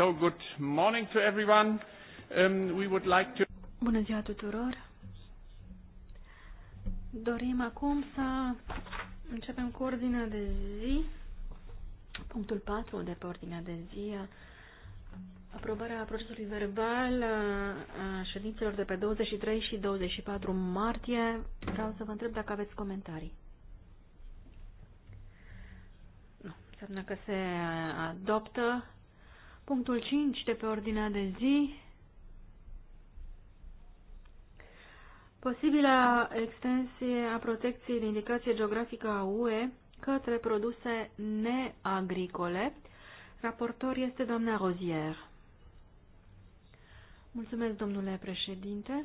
So good morning to everyone. Um, we would like to... Bună ziua tuturor. Dorim acum să începem cu ordinea de zi. Punctul 4 de pe ordinea de zi. Aprobarea procesului verbal a ședințelor de pe 23 și 24 martie. Vreau să vă întreb dacă aveți comentarii. Nu, înseamnă că se adoptă Punctul 5 de pe ordinea de zi. Posibilă extensie a protecției de indicație geografică a UE către produse neagricole. Raportor este doamna Rozier. Mulțumesc, domnule președinte.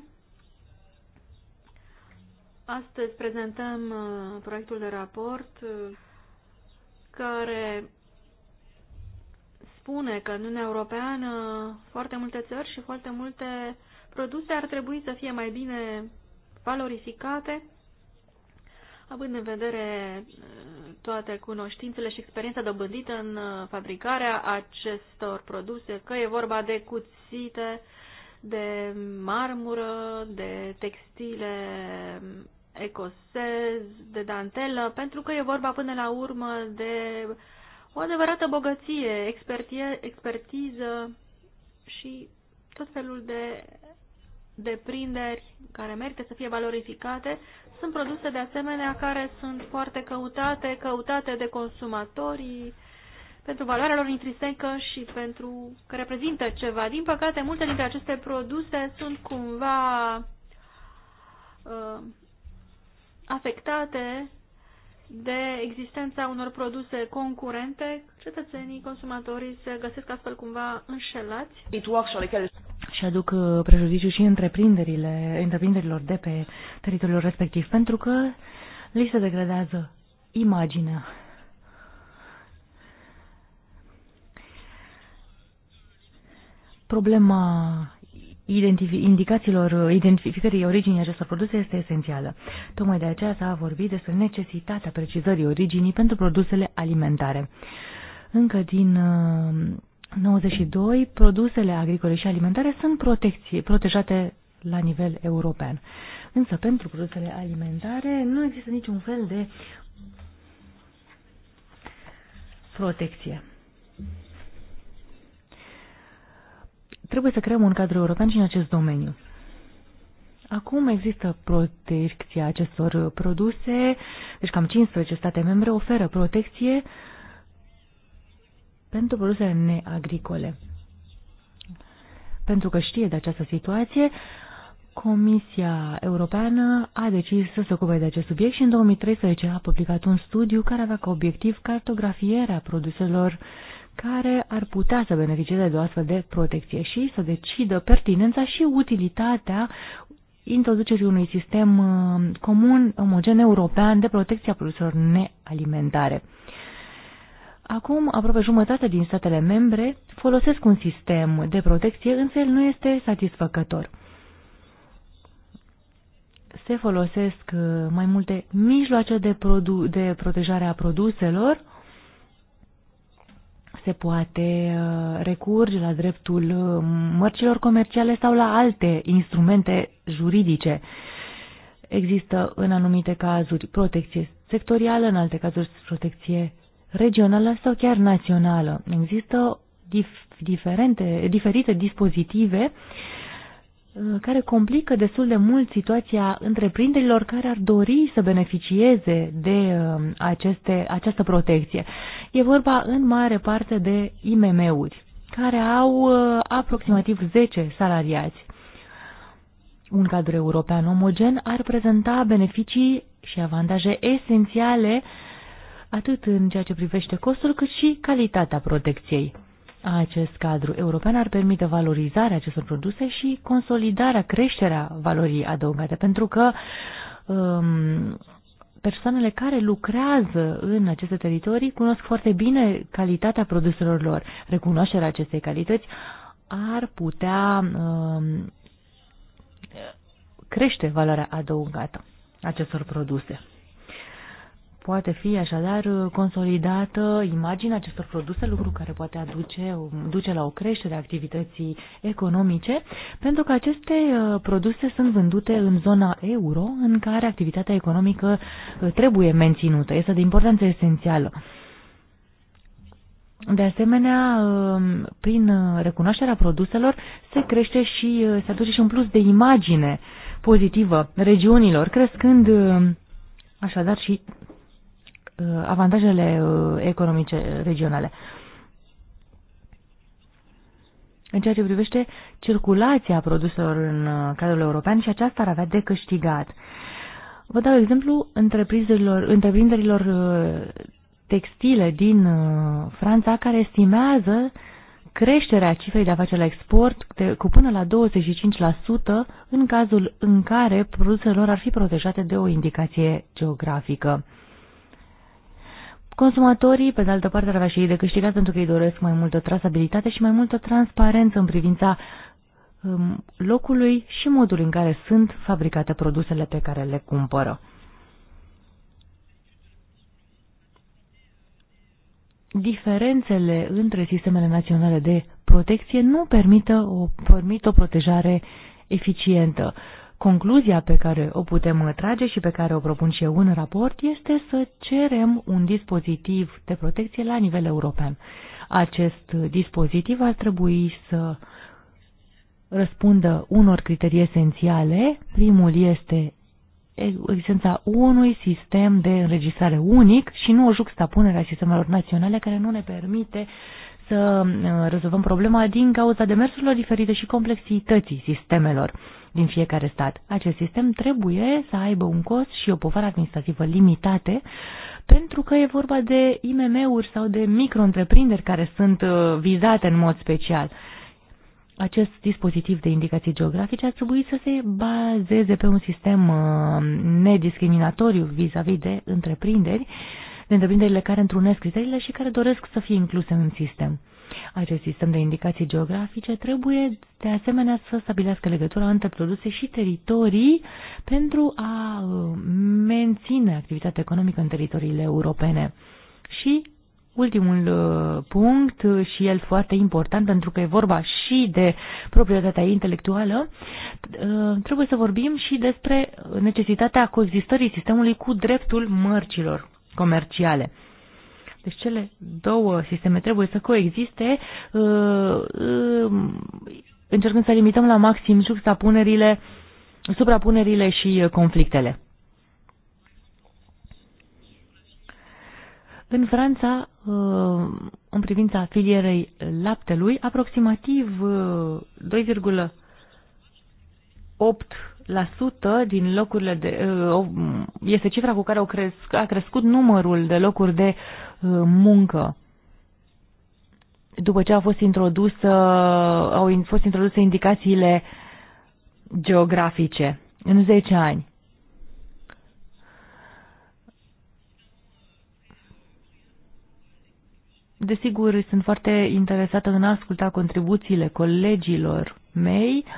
Astăzi prezentăm uh, proiectul de raport uh, care spune că în Uniunea Europeană foarte multe țări și foarte multe produse ar trebui să fie mai bine valorificate, având în vedere uh, toate cunoștințele și experiența dobândită în uh, fabricarea acestor produse, că e vorba de cuțite, de marmură, de textile um, ecosez, de dantelă, pentru că e vorba până la urmă de o adevărată bogăție, expertie, expertiză și tot felul de deprinderi care merită să fie valorificate. Sunt produse de asemenea care sunt foarte căutate, căutate de consumatorii pentru valoarea lor intrinsecă și pentru că reprezintă ceva. Din păcate, multe dintre aceste produse sunt cumva uh, afectate de existența unor produse concurente, cetățenii, consumatorii se găsesc astfel cumva înșelați. Și aduc uh, prejudiciu și întreprinderile, întreprinderilor de pe teritoriul respectiv, pentru că li se degradează imaginea. Problema indicațiilor, uh, identificării originii acestor produse este esențială. Tocmai de aceea s-a vorbit despre necesitatea precizării originii pentru produsele alimentare. Încă din 92, uh, produsele agricole și alimentare sunt protecție, protejate la nivel european. Însă pentru produsele alimentare nu există niciun fel de protecție. Trebuie să creăm un cadru european și în acest domeniu. Acum există protecția acestor produse, deci cam 15 state membre oferă protecție pentru produsele neagricole. Pentru că știe de această situație, Comisia Europeană a decis să se ocupe de acest subiect și în 2013 a publicat un studiu care avea ca obiectiv cartografierea produselor uh, care ar putea să beneficieze de o astfel de protecție și să decidă pertinența și utilitatea introducerii unui sistem uh, comun, omogen european de protecție a produselor nealimentare. Acum, aproape jumătate din statele membre folosesc un sistem de protecție, însă el nu este satisfăcător. Se folosesc uh, mai multe mijloace de, produ- de protejare a produselor, se poate uh, recurge la dreptul uh, mărcilor comerciale sau la alte instrumente juridice. Există în anumite cazuri protecție sectorială, în alte cazuri protecție regională sau chiar națională. Există dif diferente, diferite dispozitive uh, Uh, care complică destul de mult situația întreprinderilor care ar dori să beneficieze de uh, aceste, această protecție. E vorba în mare parte de IMM-uri, care au uh, aproximativ 10 salariați. Un cadru european omogen ar prezenta beneficii și avantaje esențiale atât în ceea ce privește costul cât și calitatea protecției. Acest cadru european ar permite valorizarea acestor produse și consolidarea, creșterea valorii adăugate, pentru că um, persoanele care lucrează în aceste teritorii cunosc foarte bine calitatea produselor lor. Recunoașterea acestei calități ar putea um, crește valoarea adăugată acestor produse. Poate fi așadar consolidată imaginea acestor produse, lucru care poate aduce, duce la o creștere a activității economice, pentru că aceste uh, produse sunt vândute în zona euro, în care activitatea economică uh, trebuie menținută. Este de importanță esențială. De asemenea, uh, prin recunoașterea produselor se crește și se aduce și un plus de imagine pozitivă regiunilor, crescând așadar și Uh, avantajele uh, economice regionale. În ceea ce privește circulația produselor în uh, cadrul european și aceasta ar avea de câștigat. Vă dau exemplu întreprinderilor, întreprinderilor textile din Franța care estimează creșterea cifrei de afaceri la export de, cu până la 25% în cazul în care produsele lor ar fi protejate de o indicație geografică. Consumatorii, pe de altă parte, ar avea și ei de câștigat pentru că ei doresc mai multă trasabilitate și mai multă transparență în privința um, locului și modului în care sunt fabricate produsele pe care le cumpără. Diferențele între sistemele naționale de protecție nu permită o, permit o protejare eficientă. Uh, Concluzia pe care o putem uh, trage și pe care o propun și eu în raport este să cerem un dispozitiv de protecție la nivel european. Acest uh, dispozitiv ar trebui să răspundă unor criterii esențiale. Primul este existența unui sistem de înregistrare unic și nu o juxtapunere a sistemelor naționale care nu ne permite să uh, rezolvăm problema din cauza demersurilor diferite și complexității sistemelor din fiecare stat. Acest sistem trebuie să aibă un cost și o povară administrativă limitate, pentru că e vorba de IMM-uri sau de micro-întreprinderi care sunt uh, vizate în mod special. Acest dispozitiv de indicații geografice ar trebui să se bazeze pe un sistem uh, nediscriminatoriu vis-a-vis -vis de întreprinderi, de întreprinderile care întrunesc criteriile și care doresc să fie incluse în sistem. Acest sistem de indicații geografice trebuie de asemenea să stabilească legătura între produse și teritorii pentru a uh, menține activitatea economică în teritoriile europene. Și ultimul uh, punct uh, și el foarte important pentru că e vorba și de proprietatea intelectuală, trebuie să vorbim și despre necesitatea coexistării sistemului cu dreptul mărcilor comerciale. Deci cele două sisteme trebuie să coexiste, uh, um, încercând să limităm la maxim juxtapunerile, suprapunerile și conflictele. În Franța, uh, în privința filierei laptelui, aproximativ 2,8 uh, din locurile de, uh, este cifra cu care a crescut numărul de locuri de uh, muncă după ce au fost introdusă, au fost introduse indicațiile geografice în 10 ani. Desigur, sunt foarte interesată în a asculta contribuțiile colegilor mei. Uh,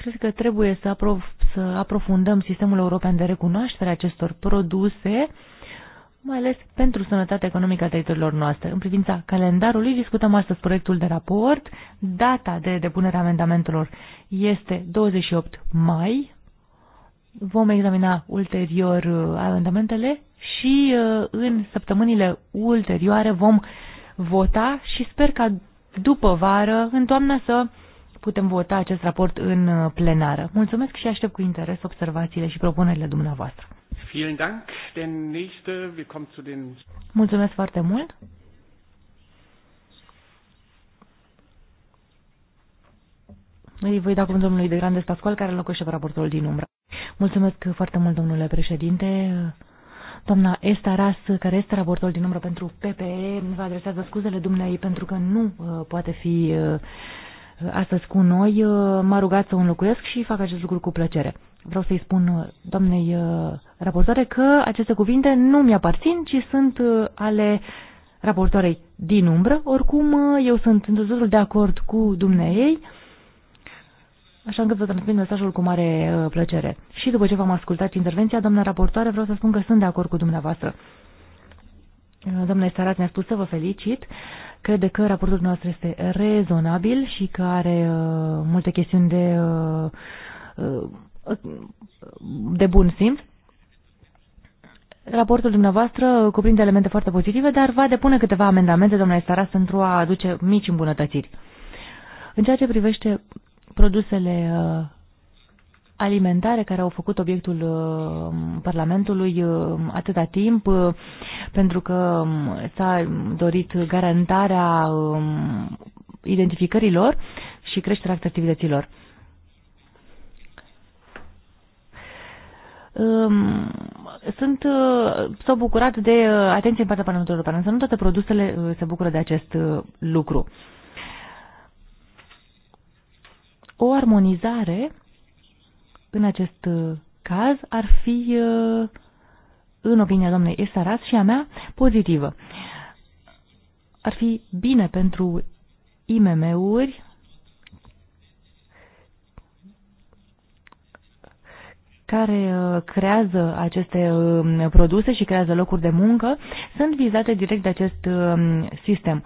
Cred că trebuie să, aprof- să aprofundăm sistemul european de recunoaștere a acestor produse, mai ales pentru sănătatea economică a teritoriilor noastre. În privința calendarului, discutăm astăzi proiectul de raport. Data de depunere a amendamentelor este 28 mai. Vom examina ulterior uh, amendamentele și uh, în săptămânile ulterioare vom vota și sper ca după vară, în toamnă, să putem vota acest raport în uh, plenară. Mulțumesc și aștept cu interes observațiile și propunerile dumneavoastră. Mulțumesc foarte mult. Îi voi da cuvântul domnului de Grande Pascual, care locuiește pe raportul din umbră. Mulțumesc foarte mult, domnule președinte. Doamna Esta Ras, care este raportul din umbră pentru PPE, vă adresează scuzele dumneai pentru că nu uh, poate fi uh, astăzi cu noi, uh, m-a rugat să o înlocuiesc și fac acest lucru cu plăcere. Vreau să-i spun uh, doamnei uh, raportoare că aceste cuvinte nu mi-aparțin, ci sunt ale raportoarei din umbră. Oricum, eu sunt totul de acord cu dumneei, așa încât vă transmit mesajul cu mare plăcere. Și după ce v-am ascultat intervenția, doamna raportoare, vreau să spun că sunt de acord cu dumneavoastră. Doamna Starat ne-a spus să vă felicit crede că raportul nostru este rezonabil și că are uh, multe chestiuni de, uh, uh, de bun simț. Raportul dumneavoastră cuprinde elemente foarte pozitive, dar va depune câteva amendamente, domnule Staras, pentru a aduce mici îmbunătățiri. În ceea ce privește produsele uh, alimentare care au făcut obiectul uh, Parlamentului uh, atâta timp, uh, pentru că um, s-a dorit garantarea um, identificării lor și creșterea activităților. Um, sunt, s-au bucurat de atenție în partea Parlamentului European, însă nu toate produsele se bucură de acest lucru. O armonizare în acest uh, caz ar fi, uh, în opinia doamnei Esaras și a mea, pozitivă. Ar fi bine pentru IMM-uri care uh, creează aceste um, produse și creează locuri de muncă sunt vizate direct de acest um, sistem.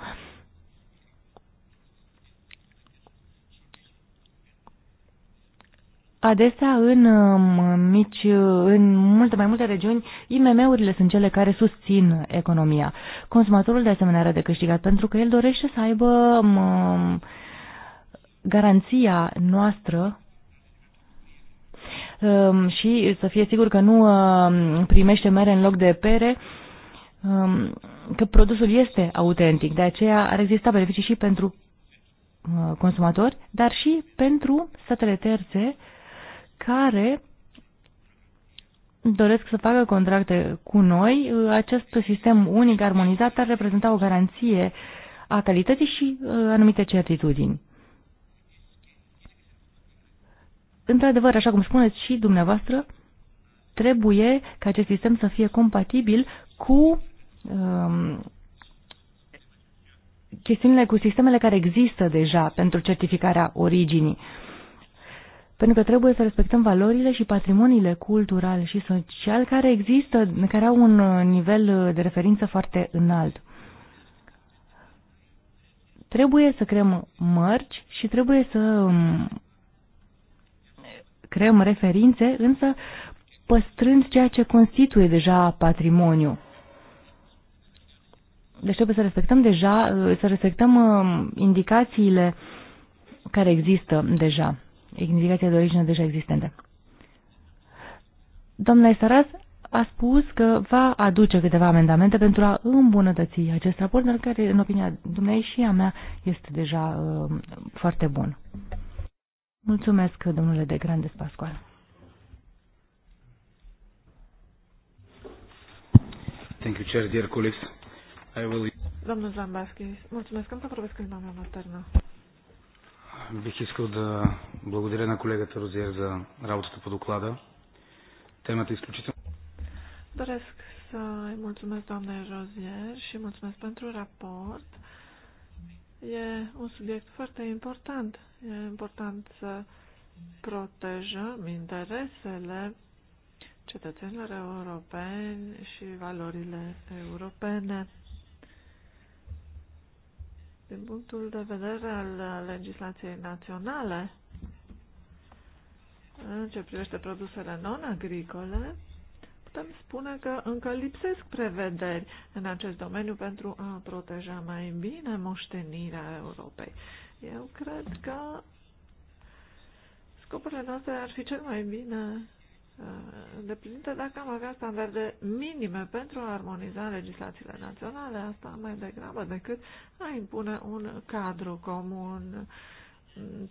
Adesea, în, um, mici, în multe mai multe regiuni, IMM-urile sunt cele care susțin economia. Consumatorul, de asemenea, are de câștigat pentru că el dorește să aibă um, garanția noastră um, și să fie sigur că nu primește mere în loc de pere, că produsul este autentic. De aceea ar exista beneficii și pentru uh, consumatori, dar și pentru statele terțe care doresc să facă contracte cu noi. Acest sistem unic armonizat ar reprezenta o garanție a calității și uh, anumite certitudini. Într-adevăr, așa cum spuneți și dumneavoastră, trebuie ca acest sistem să fie compatibil cu um, chestiunile, cu sistemele care există deja pentru certificarea originii. Uh, pentru că trebuie să respectăm valorile și patrimoniile cultural și social care există, care au un uh, nivel uh, de referință foarte înalt. Trebuie să creăm mărci și trebuie să um, creăm referințe, însă păstrând ceea ce constituie deja patrimoniu. Deci trebuie să respectăm deja, uh, să respectăm um, indicațiile care există deja indicația de origine deja existentă. Domnule Saras a spus că va aduce câteva amendamente pentru a îmbunătăți acest raport, dar care, în opinia dumneavoastră și a mea, este deja uh, foarte bun. Mulțumesc, domnule de Grande Pascual. Thank you, Chair, dear colleagues. I will... Domnul Zambaschi, mulțumesc. Am să vorbesc în mea maternă бих искал да благодаря на колегата Розиер за работата по доклада. Темата е изключително. Doresc să îi mulțumesc doamnei Rozier și mulțumesc pentru raport. E un subiect foarte important. E important să protejăm interesele cetățenilor europeni și valorile europene. Din punctul de vedere al legislației naționale, în ce privește produsele non-agricole, putem spune că încă lipsesc prevederi în acest domeniu pentru a proteja mai bine moștenirea Europei. Eu cred că scopurile noastre ar fi cel mai bine Uh, îndeplinită dacă am avea standarde minime pentru a armoniza legislațiile naționale, asta mai degrabă decât a impune un cadru comun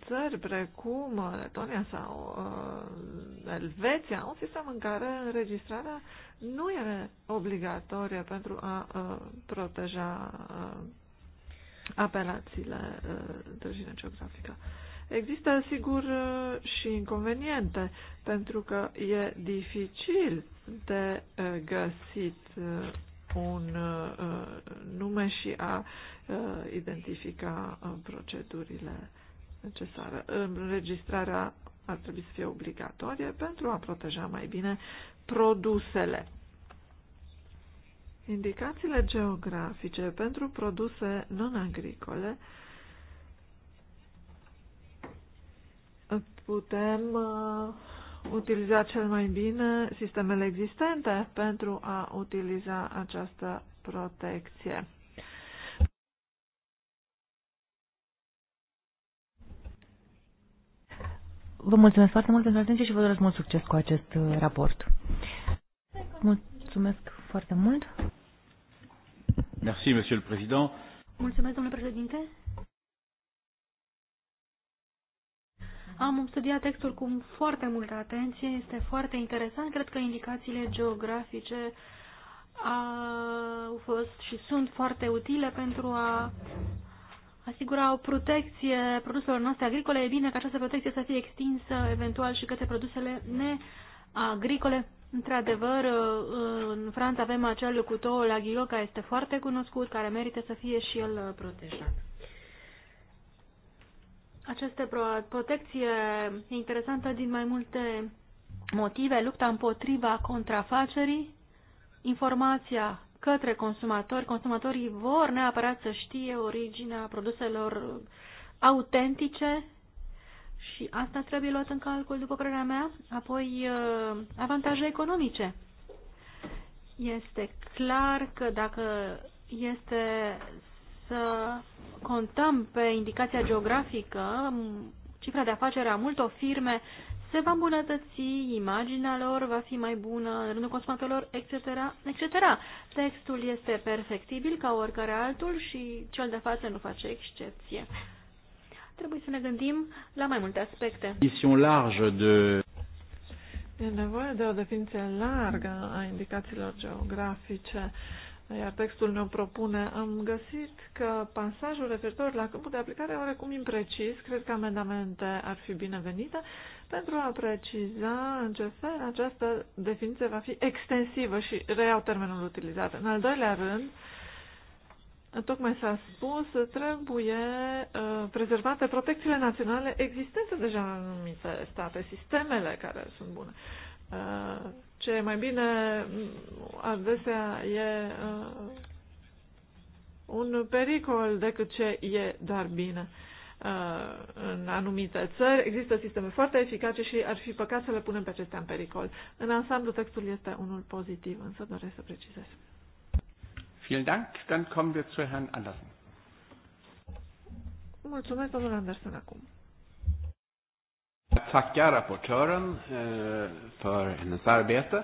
țări precum Letonia sau uh, Elveția, un sistem în care înregistrarea nu e obligatorie pentru a uh, proteja uh, apelațiile uh, de origine geografică. Uh, Există, sigur, și inconveniente, pentru că e dificil de uh, găsit uh, un uh, nume și a identifica procedurile necesare. Înregistrarea ar trebui să fie obligatorie pentru a proteja mai bine produsele. Indicațiile geografice pentru produse non-agricole uh, putem uh, utiliza cel mai bine sistemele existente pentru a utiliza această protecție. Vă mulțumesc foarte mult pentru atenție și vă doresc mult succes cu acest uh, raport. Mulțumesc foarte mult. Merci, Monsieur le Président. Mulțumesc, domnule președinte. Am studiat textul cu foarte multă atenție, este foarte interesant. Cred că indicațiile geografice au fost și sunt foarte utile pentru a asigura o protecție produselor noastre agricole. E bine ca această protecție să fie extinsă eventual și către produsele neagricole. Într-adevăr, în Franța avem acel cutou la ghiro care este foarte cunoscut, care merită să fie și el protejat aceste protecție interesantă din mai multe motive, lupta împotriva contrafacerii, informația către consumatori. Consumatorii vor neapărat să știe originea produselor autentice și asta trebuie luat în calcul, după părerea mea. Apoi, uh, avantaje economice. Este clar că dacă este să contăm pe indicația geografică, cifra de afacere a multor firme se va îmbunătăți, imaginea lor va fi mai bună în rândul consumatorilor, etc., etc. Textul este perfectibil ca oricare altul și cel de față nu face excepție. Trebuie să ne gândim la mai multe aspecte. large de... E nevoie de o definiție largă a indicațiilor geografice. Uh, iar textul ne propune, am găsit că pasajul referitor la câmpul de aplicare oarecum imprecis, cred că amendamente ar fi binevenite, pentru a preciza în ce fel această definiție va fi extensivă și reiau termenul utilizat. În al doilea rând, tocmai s-a spus, trebuie uh, prezervate protecțiile naționale existente deja în anumite state, sistemele care sunt bune. Uh, ce e mai bine adesea e uh, un pericol decât ce e dar bine. Uh, în anumite țări există sisteme foarte eficace și ar fi păcat să le punem pe acestea în pericol. În ansamblu, textul este unul pozitiv, însă doresc să precizez. Vielen Dank. Dann kommen wir zu Herrn Andersen. Mulțumesc, domnul Andersen, acum. Jag tackar rapportören eh, för hennes arbete.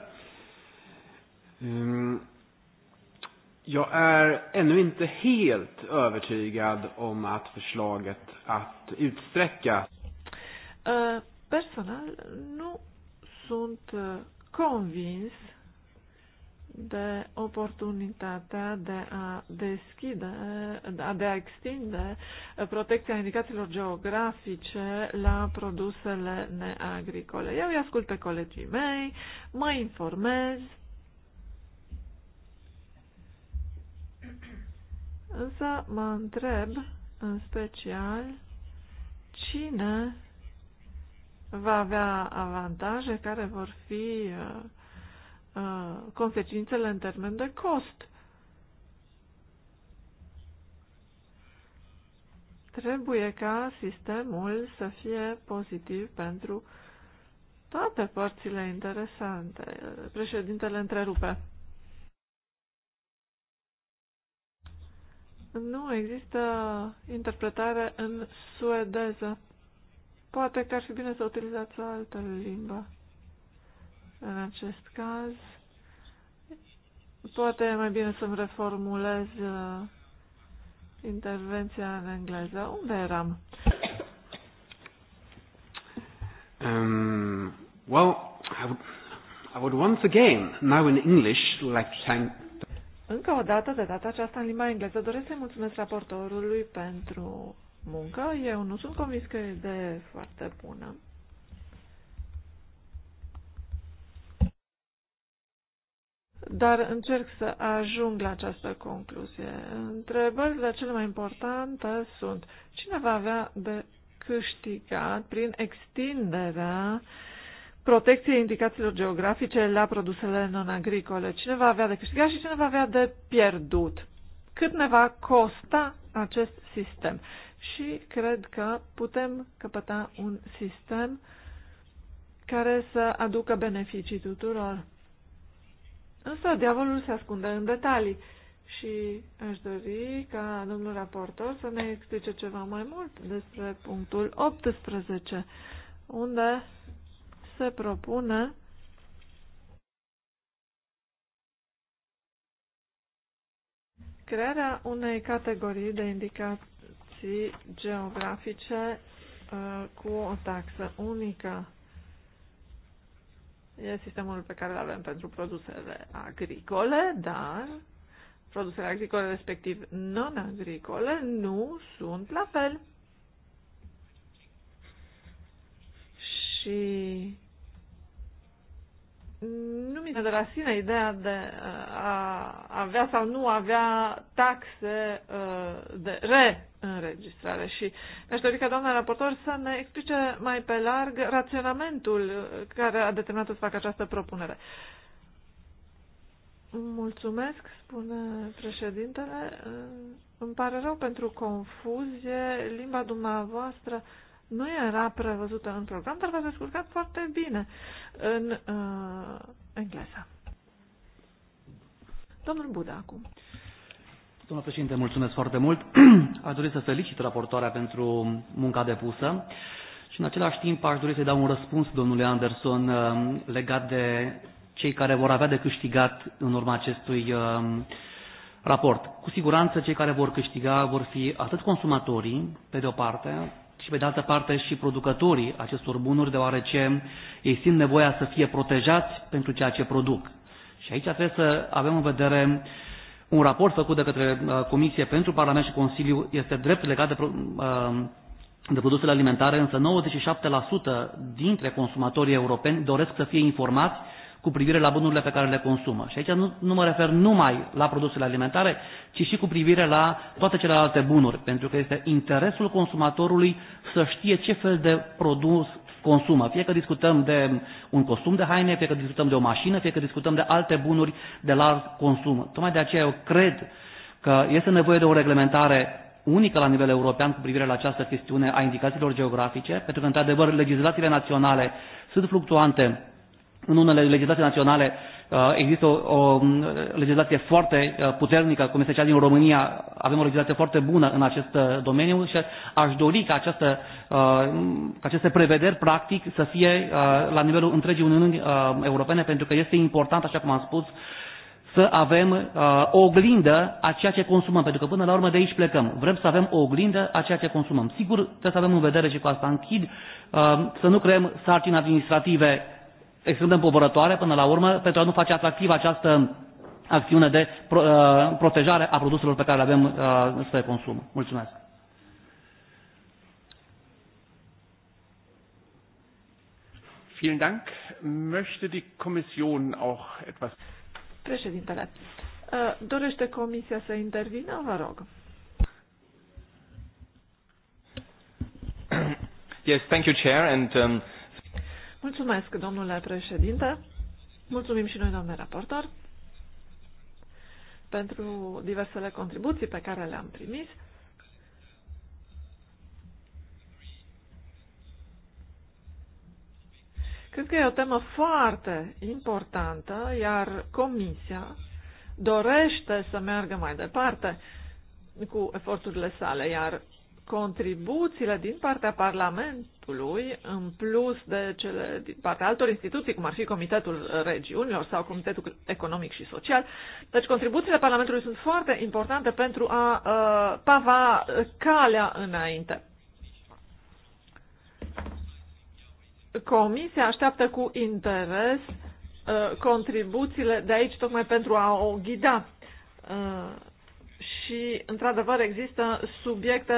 Mm. Jag är ännu inte helt övertygad om att förslaget att utsträcka... Eh, personal, nu sunt eh, convins de oportunitatea de a deschide, de a extinde protecția indicațiilor geografice la produsele neagricole. Eu îi ascult pe colegii mei, mă informez, însă mă întreb în special cine va avea avantaje care vor fi uh, Uh, consecințele în termen de cost. Trebuie ca sistemul să fie pozitiv pentru toate părțile interesante. Președintele întrerupe. Nu există interpretare în suedeză. Poate că ar fi bine să utilizați o altă limbă. În acest caz, poate mai bine să-mi reformulez uh, intervenția în engleză. Unde eram? Um, well, I would, I would once again, now in English, like thank. Încă o dată, de data aceasta în limba engleză, doresc să-i mulțumesc raportorului pentru muncă. Eu nu sunt convins că e de foarte bună. dar încerc să ajung la această concluzie. Întrebările cele mai importante sunt cine va avea de câștigat prin extinderea protecției indicațiilor geografice la produsele non-agricole. Cine va avea de câștigat și cine va avea de pierdut. Cât ne va costa acest sistem? Și cred că putem căpăta un sistem care să aducă beneficii tuturor Însă diavolul se ascunde în detalii și aș dori ca domnul raportor să ne explice ceva mai mult despre punctul 18, unde se propune crearea unei categorii de indicații geografice uh, cu o taxă unică E sistemul pe care îl avem pentru produsele agricole, dar produsele agricole, respectiv non-agricole, nu sunt la fel. Și nu mi se de la sine ideea de a avea sau nu avea taxe uh, de reînregistrare și mi-aș dori ca doamna raportor să ne explice mai pe larg raționamentul uh, care a determinat să facă această propunere. Mulțumesc, spune președintele. Uh, îmi pare rău pentru confuzie. Limba dumneavoastră nu era prevăzută în program, dar v a descurcat foarte bine în uh, engleză. Domnul Buda acum. Domnul președinte, mulțumesc foarte mult. Aș dori să felicit raportoarea pentru munca depusă și în același timp aș dori să-i dau un răspuns domnului Anderson uh, legat de cei care vor avea de câștigat în urma acestui uh, raport. Cu siguranță cei care vor câștiga vor fi atât consumatorii, pe de o parte, și pe de altă parte și producătorii acestor bunuri, deoarece ei simt nevoia să fie protejați pentru ceea ce produc. Și aici trebuie să avem în vedere un raport făcut de către uh, Comisie pentru Parlament și Consiliu este drept legat de, uh, de produsele alimentare, însă 97% dintre consumatorii europeni doresc să fie informați cu privire la bunurile pe care le consumă. Și aici nu, nu mă refer numai la produsele alimentare, ci și cu privire la toate celelalte bunuri, pentru că este interesul consumatorului să știe ce fel de produs consumă. Fie că discutăm de un costum de haine, fie că discutăm de o mașină, fie că discutăm de alte bunuri de larg consum. Tocmai de aceea eu cred că este nevoie de o reglementare unică la nivel european cu privire la această chestiune a indicațiilor geografice, pentru că, într-adevăr, legislațiile naționale sunt fluctuante în unele legislații naționale uh, există o, o um, legislație foarte uh, puternică, cum este cea din România. Avem o legislație foarte bună în acest uh, domeniu și aș dori ca, această, ca aceste prevederi, practic, să fie la nivelul întregii Uniuni Europene, pentru că este important, așa cum am spus, să avem o oglindă a ceea ce consumăm, pentru că până la urmă de aici plecăm. Vrem să avem o oglindă a ceea ce consumăm. Sigur, trebuie să avem în vedere și cu asta închid, să nu creăm sarcini administrative extrem de împovărătoare până la urmă pentru a nu face atractivă această acțiune de pro, uh, protejare a produselor pe care le avem uh, spre consum. Mulțumesc! Vielen Dank. Möchte die Kommission auch etwas? Președintele, uh, dorește Comisia să intervină? Vă rog. Yes, thank you, Chair, and um, Mulțumesc, domnule președinte. Mulțumim și noi, domnule raportor, pentru diversele contribuții pe care le-am primit. Cred că e o temă foarte importantă, iar Comisia dorește să meargă mai departe cu eforturile sale, iar contribuțiile din partea Parlamentului, în plus de cele din partea altor instituții, cum ar fi Comitetul Regiunilor sau Comitetul Economic și Social. Deci contribuțiile Parlamentului sunt foarte importante pentru a uh, pava calea înainte. Comisia așteaptă cu interes uh, contribuțiile de aici tocmai pentru a o ghida. Uh, și, într-adevăr, există subiecte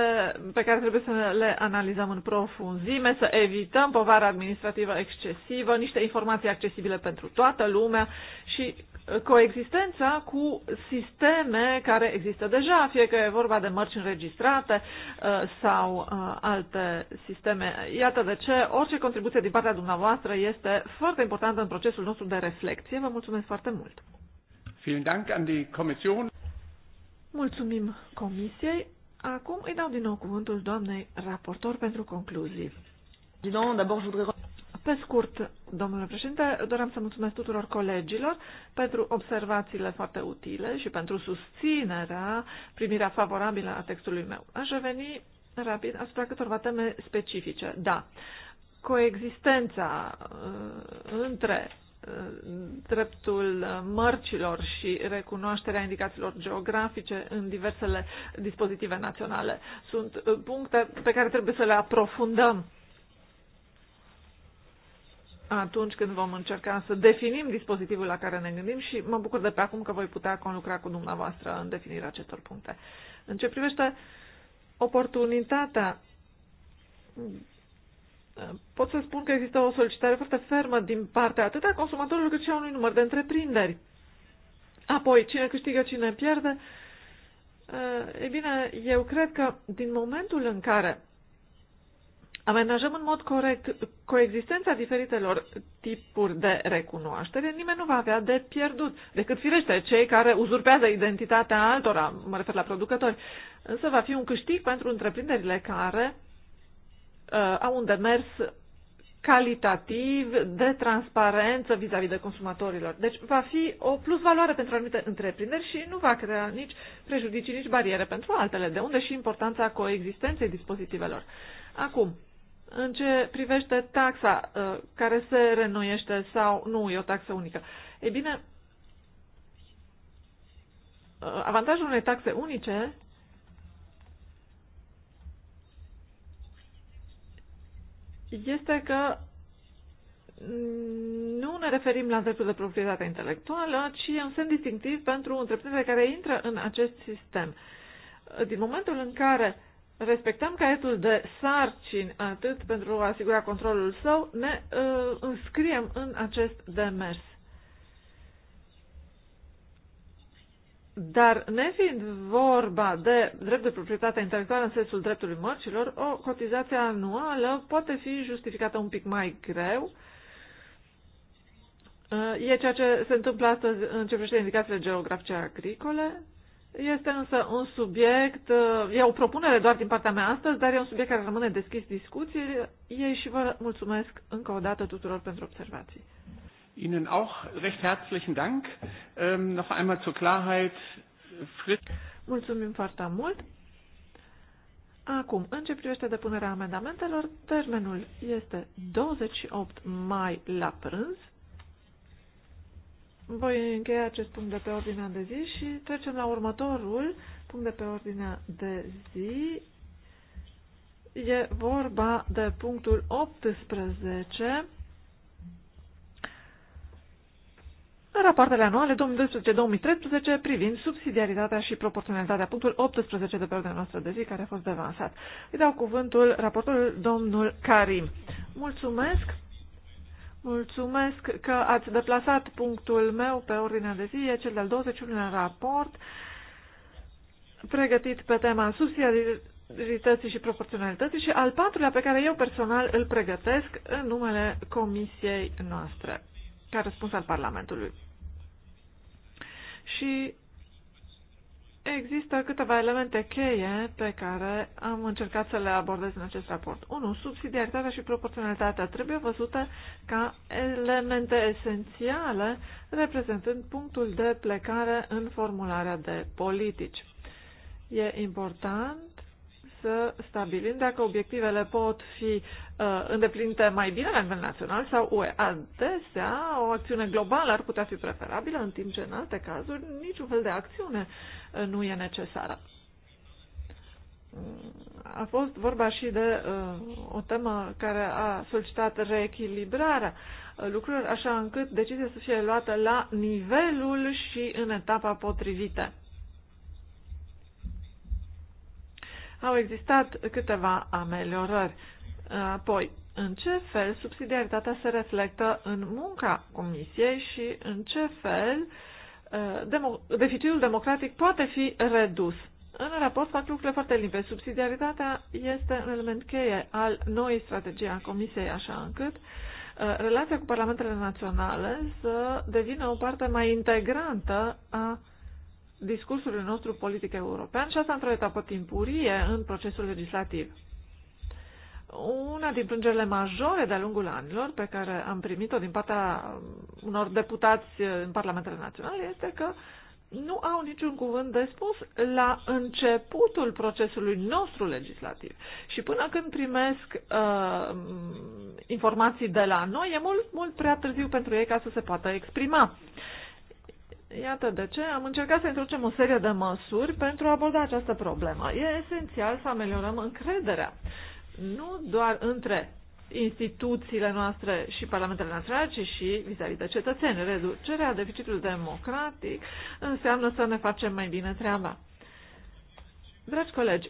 pe care trebuie să le analizăm în profunzime, să evităm povara administrativă excesivă, niște informații accesibile pentru toată lumea și uh, coexistența cu sisteme care există deja, fie că e vorba de mărci înregistrate uh, sau uh, alte sisteme. Iată de ce orice contribuție din partea dumneavoastră este foarte importantă în procesul nostru de reflexie. Vă mulțumesc foarte mult! Vielen Dank an die Kommission. Mulțumim Comisiei. Acum îi dau din nou cuvântul doamnei raportor pentru concluzii. Pe scurt, domnule președinte, doream să mulțumesc tuturor colegilor pentru observațiile foarte utile și pentru susținerea, primirea favorabilă a textului meu. Aș reveni rapid asupra câtorva teme specifice. Da, coexistența uh, între dreptul uh, mărcilor și recunoașterea indicațiilor geografice în diversele dispozitive naționale. Sunt uh, puncte pe care trebuie să le aprofundăm atunci când vom încerca să definim dispozitivul la care ne gândim și mă bucur de pe acum că voi putea conlucra cu dumneavoastră în definirea acestor puncte. În ce privește oportunitatea pot să spun că există o solicitare foarte fermă din partea atât a consumatorilor cât și a unui număr de întreprinderi. Apoi, cine câștigă, cine pierde? E eh, bine, eu cred că din momentul în care amenajăm în mod corect coexistența diferitelor tipuri de recunoaștere, nimeni nu va avea de pierdut, decât firește cei care uzurpează identitatea altora, mă refer la producători. Însă va fi un câștig pentru întreprinderile care uh, au un demers calitativ, de transparență vis-a-vis -vis de consumatorilor. Deci va fi o plusvaloare pentru anumite întreprinderi și nu va crea nici prejudicii, nici bariere pentru altele, de unde și importanța coexistenței dispozitivelor. Acum, în ce privește taxa uh, care se renoiește sau nu, e o taxă unică. Ei bine, uh, avantajul unei taxe unice este că mm, nu ne referim la dreptul de proprietate intelectuală, ci e un semn distinctiv pentru întreprinderile care intră în acest sistem. Din momentul în care respectăm caietul de sarcini atât pentru a asigura controlul său, ne uh, înscriem în acest demers. Dar nefiind vorba de drept de proprietate intelectuală în sensul dreptului mărcilor, o cotizație anuală poate fi justificată un pic mai greu. E ceea ce se întâmplă astăzi în ce privește indicațiile geografice agricole. Este însă un subiect, e o propunere doar din partea mea astăzi, dar e un subiect care rămâne deschis discuții. Ei și vă mulțumesc încă o dată tuturor pentru observații. Ihnen auch recht herzlichen Dank. Ähm, noch einmal zur Klarheit. Fritz. Mulțumim foarte mult. Acum, în ce privește depunerea amendamentelor, termenul este 28 mai la prânz. Voi încheia acest punct de pe ordinea de zi și trecem la următorul punct de pe ordinea de zi. E vorba de punctul 18 rapoartele anuale 2012-2013 privind subsidiaritatea și proporționalitatea, punctul 18 de pe ordinea noastră de zi care a fost devansat. Îi dau cuvântul raportorul domnul Karim. Mulțumesc! Mulțumesc că ați deplasat punctul meu pe ordinea de zi, e cel de-al 21-lea raport pregătit pe tema subsidiarității și proporționalității și al patrulea pe care eu personal îl pregătesc în numele comisiei noastre ca răspuns al Parlamentului și există câteva elemente cheie pe care am încercat să le abordez în acest raport. 1. Subsidiaritatea și proporționalitatea trebuie văzute ca elemente esențiale reprezentând punctul de plecare în formularea de politici. E important să stabilim dacă obiectivele pot fi uh, îndeplinite mai bine la nivel național sau UE. Adesea, o acțiune globală ar putea fi preferabilă, în timp ce în alte cazuri niciun fel de acțiune uh, nu e necesară. A fost vorba și de uh, o temă care a solicitat reechilibrarea uh, lucrurilor, așa încât decizia să fie luată la nivelul și în etapa potrivită. Au existat câteva ameliorări. Apoi, în ce fel subsidiaritatea se reflectă în munca Comisiei și în ce fel uh, deficitul democratic poate fi redus? În raport fac lucrurile foarte limpe. Subsidiaritatea este un element cheie al noii strategii a Comisiei, așa încât uh, relația cu parlamentele naționale să devină o parte mai integrantă a discursului nostru politic european și asta într-o etapă timpurie în procesul legislativ. Una din plângerile majore de-a lungul anilor pe care am primit-o din partea unor deputați în Parlamentele Naționale este că nu au niciun cuvânt de spus la începutul procesului nostru legislativ. Și până când primesc uh, informații de la noi, e mult, mult prea târziu pentru ei ca să se poată exprima. Iată de ce am încercat să introducem o serie de măsuri pentru a aborda această problemă. E esențial să ameliorăm încrederea, nu doar între instituțiile noastre și parlamentele naționale, ci și vis-a-vis de cetățeni. Reducerea deficitului democratic înseamnă să ne facem mai bine treaba. Dragi colegi,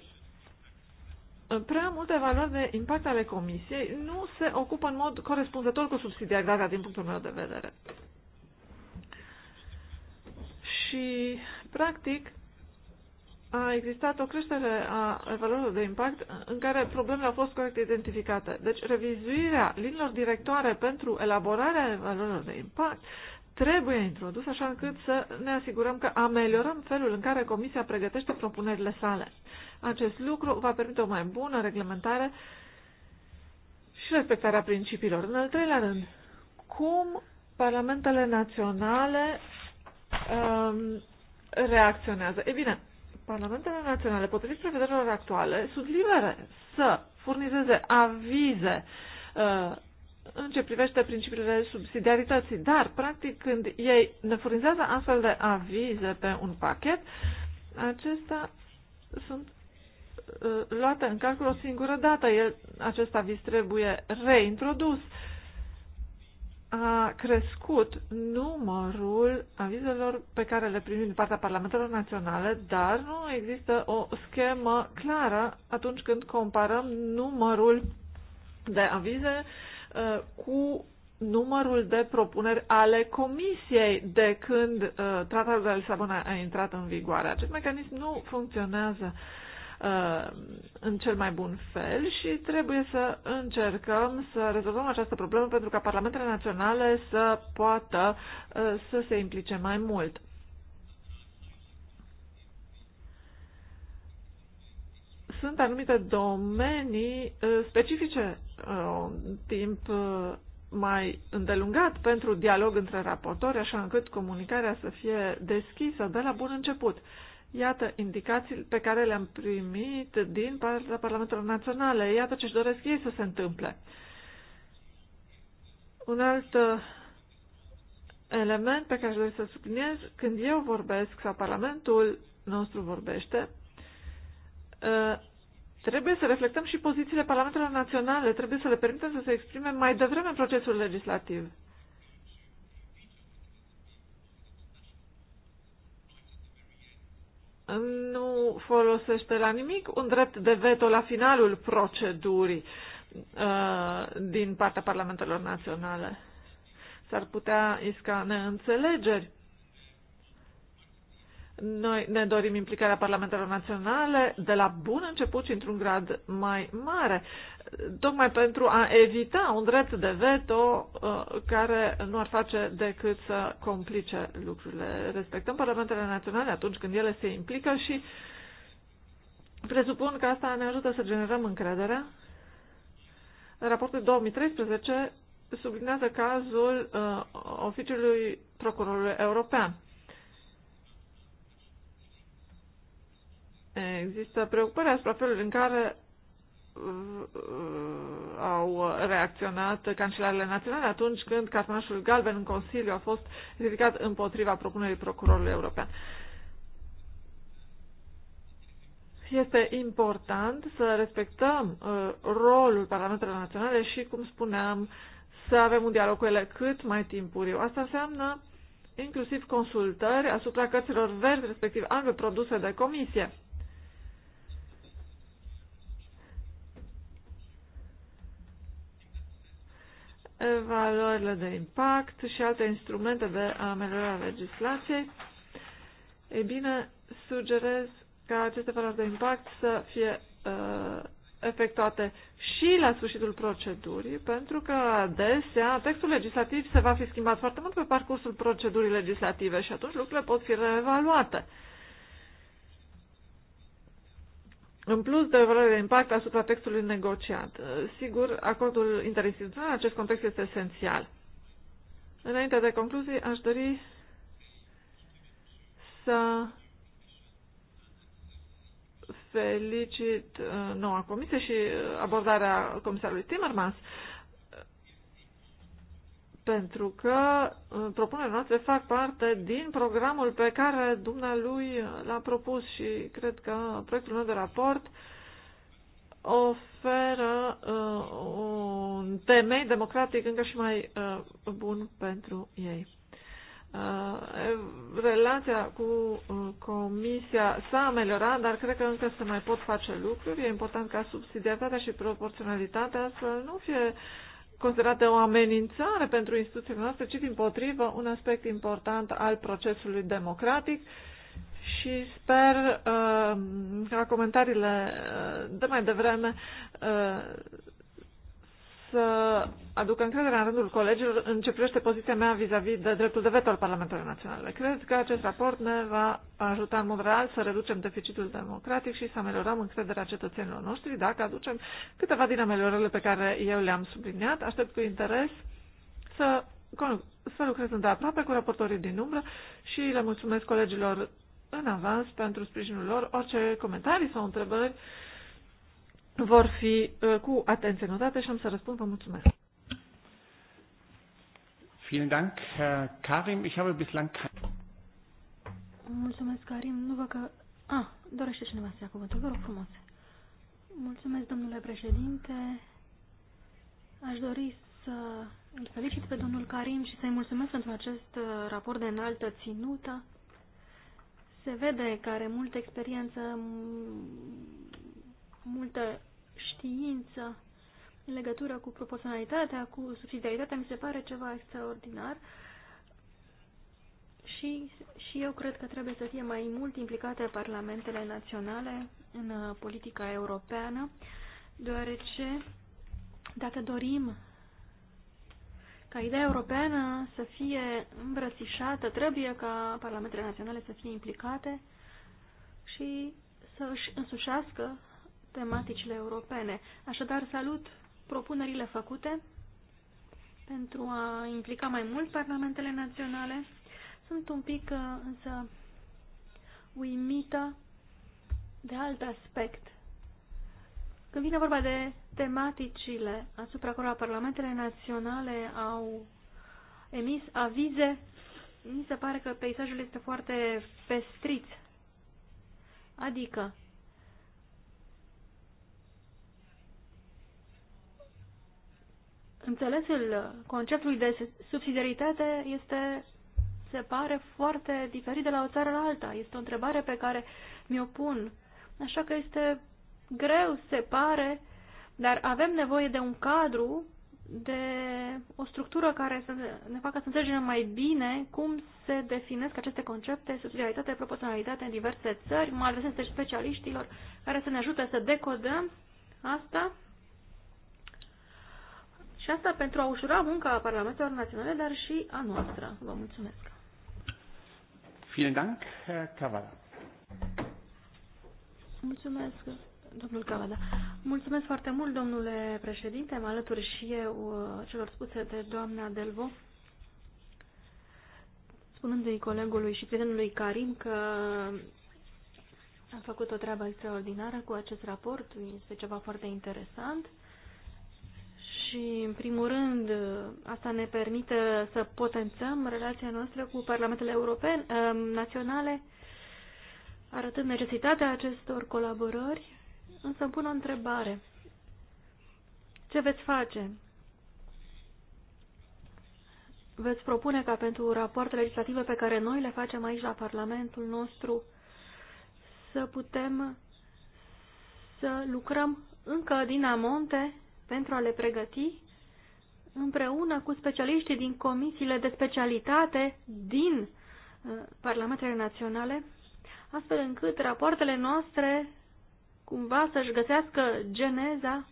prea multe valori de impact ale Comisiei nu se ocupă în mod corespunzător cu subsidiaritatea din punctul meu de vedere. Și, practic, a existat o creștere a evaluărilor de impact în care problemele au fost corect identificate. Deci, revizuirea linilor directoare pentru elaborarea evaluărilor de impact trebuie introdus așa încât să ne asigurăm că ameliorăm felul în care Comisia pregătește propunerile sale. Acest lucru va permite o mai bună reglementare și respectarea principiilor. În al treilea rând, cum parlamentele naționale um, reacționează. E bine, Parlamentele naționale, potrivit prevederilor actuale, sunt libere să furnizeze avize uh, în ce privește principiile subsidiarității, dar, practic, când ei ne furnizează astfel de avize pe un pachet, acestea sunt uh, luate în calcul o singură dată. El, acest aviz trebuie reintrodus a crescut numărul avizelor pe care le primim din partea Parlamentelor Naționale, dar nu există o schemă clară atunci când comparăm numărul de avize uh, cu numărul de propuneri ale Comisiei de când uh, Tratatul de Lisabona a intrat în vigoare. Acest mecanism nu funcționează uh, Uh, în cel mai bun fel și trebuie să încercăm să rezolvăm această problemă pentru ca parlamentele naționale să poată uh, să se implice mai mult. Sunt anumite domenii uh, specifice, un timp mai îndelungat pentru dialog între raportori, așa încât comunicarea să fie deschisă de la bun început. Iată indicații pe care le-am primit din partea Parlamentelor Naționale. Iată ce-și doresc ei să se întâmple. Un alt uh, element pe care aș dori să subliniez, când eu vorbesc sau Parlamentul nostru vorbește, uh, trebuie să reflectăm și pozițiile Parlamentelor Naționale, trebuie să le permitem să se exprime mai devreme în procesul legislativ. nu folosește la nimic un drept de veto la finalul procedurii uh, din partea parlamentelor naționale. S-ar putea isca neînțelegeri noi ne dorim implicarea parlamentelor naționale de la bun început și într-un grad mai mare, tocmai pentru a evita un drept de veto uh, care nu ar face decât să complice lucrurile. Respectăm parlamentele naționale atunci când ele se implică și presupun că asta ne ajută să generăm încredere. Raportul 2013 sublinează cazul uh, oficiului procurorului european Există preocupări asupra felului în care uh, uh, au reacționat cancelarele naționale atunci când cartonașul galben în Consiliu a fost ridicat împotriva propunerii procurorului european. Este important să respectăm uh, rolul Parlamentelor Naționale și, cum spuneam, să avem un dialog cu ele cât mai timpuriu. Asta înseamnă inclusiv consultări asupra cărților verzi, respectiv ambele produse de comisie evaluările de impact și alte instrumente de ameliorare a legislației, e bine, sugerez ca aceste evaluări de impact să fie uh, efectuate și la sfârșitul procedurii, pentru că adesea textul legislativ se va fi schimbat foarte mult pe parcursul procedurii legislative și atunci lucrurile pot fi reevaluate. Uh, În plus de valoarea de impact asupra textului negociat, uh, sigur, acordul interinstituțional în acest context este esențial. Înainte de concluzii, aș dori să felicit uh, noua comisie și uh, abordarea comisarului Timmermans pentru că uh, propunerile noastre fac parte din programul pe care dumnealui l-a propus și cred că proiectul meu de raport oferă uh, un temei democratic încă și mai uh, bun pentru ei. Uh, relația cu uh, Comisia s-a ameliorat, dar cred că încă se mai pot face lucruri. E important ca subsidiaritatea și proporționalitatea să nu fie uh, considerate o amenințare pentru instituțiile noastre, ci din potrivă un aspect important al procesului democratic și sper uh, ca comentariile uh, de mai devreme uh, să aduc încrederea în rândul colegilor în ce privește poziția mea vis-a-vis -vis de dreptul de veto al Parlamentului Național. Cred că acest raport ne va ajuta în mod real să reducem deficitul democratic și să ameliorăm încrederea cetățenilor noștri dacă aducem câteva din ameliorările pe care eu le-am subliniat. Aștept cu interes să, să lucrez îndeaproape cu raportorii din umbră și le mulțumesc colegilor în avans pentru sprijinul lor. Orice comentarii sau întrebări vor fi uh, cu atenție notate și am să răspund. Vă mulțumesc. Vielen Dank, Karim. Ich habe bislang Mulțumesc, Karim. Nu văd că... Ah, dorește cineva să ia cuvântul. Vă rog frumos. Mulțumesc, domnule președinte. Aș dori să îl felicit pe domnul Karim și să-i mulțumesc pentru acest uh, raport de înaltă ținută. Se vede că are multă experiență, multă știință în legătură cu proporționalitatea, cu subsidiaritatea, mi se pare ceva extraordinar și, și eu cred că trebuie să fie mai mult implicate parlamentele naționale în uh, politica europeană, deoarece dacă dorim ca ideea europeană să fie îmbrățișată, trebuie ca parlamentele naționale să fie implicate și să își însușească tematicile europene. Așadar, salut propunerile făcute pentru a implica mai mult parlamentele naționale. Sunt un pic însă uimită de alt aspect. Când vine vorba de tematicile asupra cărora parlamentele naționale au emis avize, mi se pare că peisajul este foarte pestrit. Adică, înțelesul conceptului de subsidiaritate este, se pare, foarte diferit de la o țară la alta. Este o întrebare pe care mi-o pun. Așa că este greu, se pare, dar avem nevoie de un cadru, de o structură care să ne facă să înțelegem mai bine cum se definesc aceste concepte, subsidiaritate, proporționalitate în diverse țări. Mă adresez deci, specialiștilor care să ne ajute să decodăm asta și asta pentru a ușura munca a Parlamentelor Naționale, dar și a noastră. Vă mulțumesc. Vielen Dank, Cavada. Mulțumesc, domnul Cavada. Mulțumesc foarte mult, domnule președinte. Mă alătur și eu uh, celor spuse de doamna Delvo spunându-i colegului și prietenului Karim că am făcut o treabă extraordinară cu acest raport, este ceva foarte interesant și, în primul rând, asta ne permite să potențăm relația noastră cu parlamentele europene, uh, naționale, arătând necesitatea acestor colaborări, însă îmi pun o întrebare. Ce veți face? Veți propune ca pentru rapoartele legislative pe care noi le facem aici la Parlamentul nostru să putem să lucrăm încă din amonte pentru a le pregăti împreună cu specialiștii din comisiile de specialitate din uh, Parlamentele Naționale, astfel încât rapoartele noastre cumva să-și găsească geneza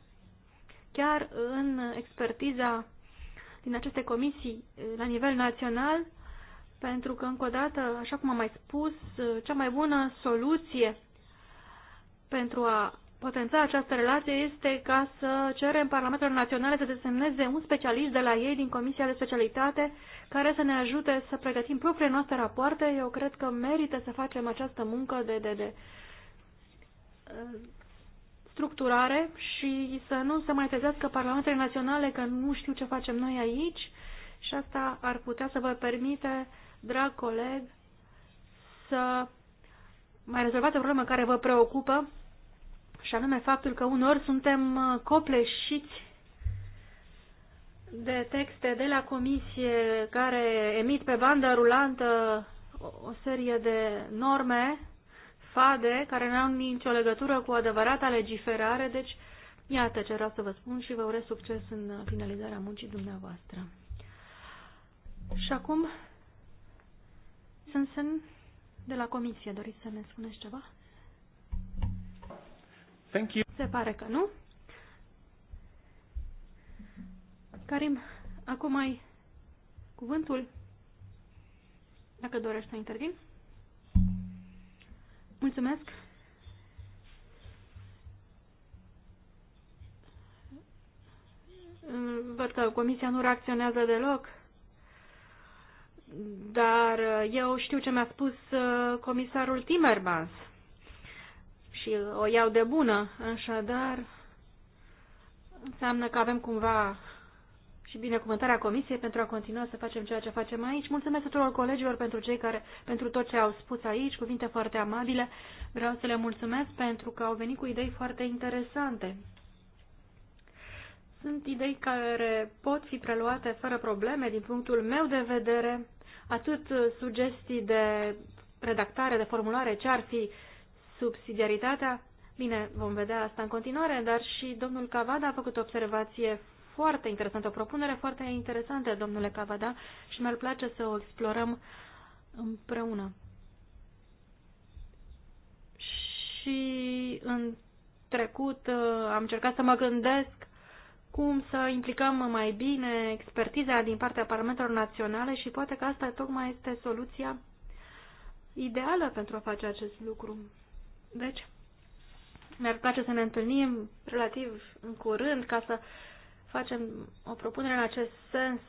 chiar în expertiza din aceste comisii uh, la nivel național, pentru că, încă o dată, așa cum am mai spus, uh, cea mai bună soluție pentru a potența această relație este ca să cerem Parlamentul Naționale să desemneze un specialist de la ei din Comisia de Specialitate care să ne ajute să pregătim propriile noastre rapoarte. Eu cred că merită să facem această muncă de, de, de uh, structurare și să nu se mai trezească Parlamentele Naționale că nu știu ce facem noi aici și asta ar putea să vă permite, drag coleg, să mai rezolvați o problemă care vă preocupă și anume faptul că unor suntem uh, copleșiți de texte de la comisie care emit pe bandă rulantă o serie de norme, fade, care nu au nicio legătură cu adevărata legiferare, deci iată ce vreau să vă spun și vă urez succes în finalizarea muncii dumneavoastră. Și acum, Sânsen, de la comisie, doriți să ne spuneți ceva? Thank you. Se pare că nu. Karim, acum ai cuvântul, dacă dorești să intervin. Mulțumesc. Văd că comisia nu reacționează deloc, dar eu știu ce mi-a spus uh, comisarul Timmermans și o iau de bună, așadar înseamnă că avem cumva și binecuvântarea Comisiei pentru a continua să facem ceea ce facem aici. Mulțumesc tuturor colegilor pentru, cei care, pentru tot ce au spus aici, cuvinte foarte amabile. Vreau să le mulțumesc pentru că au venit cu idei foarte interesante. Sunt idei care pot fi preluate fără probleme din punctul meu de vedere, atât sugestii de redactare, de formulare, ce ar fi subsidiaritatea. Bine, vom vedea asta în continuare, dar și domnul Cavada a făcut o observație foarte interesantă, o propunere foarte interesantă, domnule Cavada, și mi-ar place să o explorăm împreună. Și în trecut uh, am încercat să mă gândesc cum să implicăm mai bine expertiza din partea Parlamentelor Naționale și poate că asta tocmai este soluția ideală pentru a face acest lucru. Deci, mi-ar place să ne întâlnim relativ în curând ca să facem o propunere în acest sens